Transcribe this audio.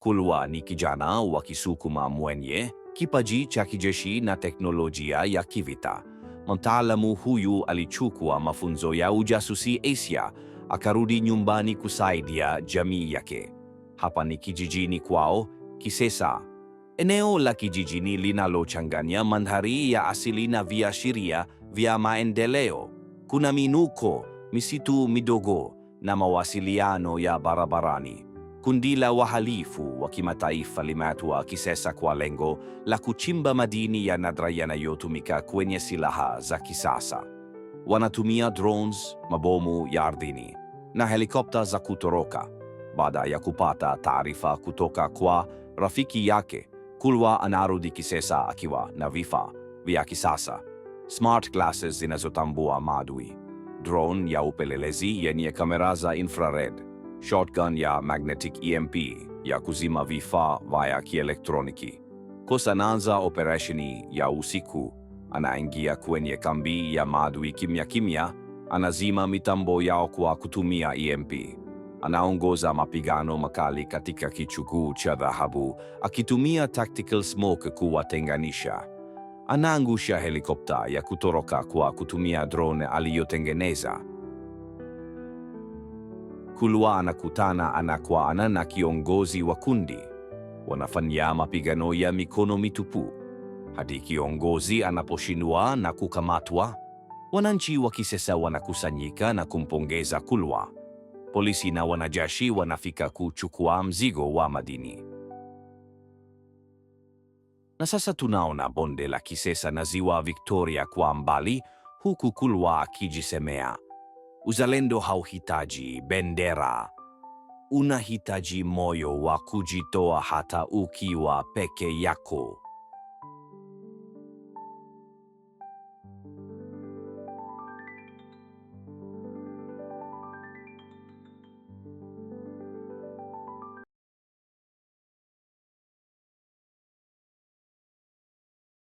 Kulwa ni kijana wa Kisukuma mwenye kipaji cha kijeshi na teknolojia ya kivita. Mtaalamu huyu alichukua mafunzo ya ujasusi Asia, akarudi nyumbani kusaidia jamii yake. Hapa ni kijijini kwao Kisesa, eneo la kijijini linalochanganya mandhari ya asili na viashiria vya maendeleo. Kuna minuko, misitu midogo na mawasiliano ya barabarani. Kundi la wahalifu wa kimataifa limeatua Kisesa kwa lengo la kuchimba madini ya nadra yanayotumika kwenye silaha za kisasa. Wanatumia drones, mabomu ya ardhini na helikopta za kutoroka. Baada ya kupata taarifa kutoka kwa rafiki yake, Kulwa anarudi Kisesa akiwa na vifaa vya kisasa, smart glasses zinazotambua maadui, drone ya upelelezi yenye kamera za infrared shotgun ya magnetic EMP ya kuzima vifaa vya kielektroniki. Kosa nanza operesheni ya usiku, anaingia kwenye kambi ya maadui kimya kimya, anazima mitambo yao kwa kutumia EMP. Anaongoza mapigano makali katika kichuguu cha dhahabu akitumia tactical smoke kuwatenganisha. Anaangusha helikopta ya kutoroka kwa kutumia drone aliyotengeneza. Kulwa anakutana ana kwa ana na kiongozi wa kundi, wanafanya mapigano ya mikono mitupu hadi kiongozi anaposhindwa na kukamatwa. Wananchi wa Kisesa wanakusanyika na kumpongeza Kulwa. Polisi na wanajeshi wanafika kuchukua mzigo wa madini. Na sasa tunaona bonde la Kisesa na ziwa Victoria kwa mbali, huku Kulwa akijisemea Uzalendo hauhitaji bendera, unahitaji moyo wa kujitoa hata ukiwa peke yako.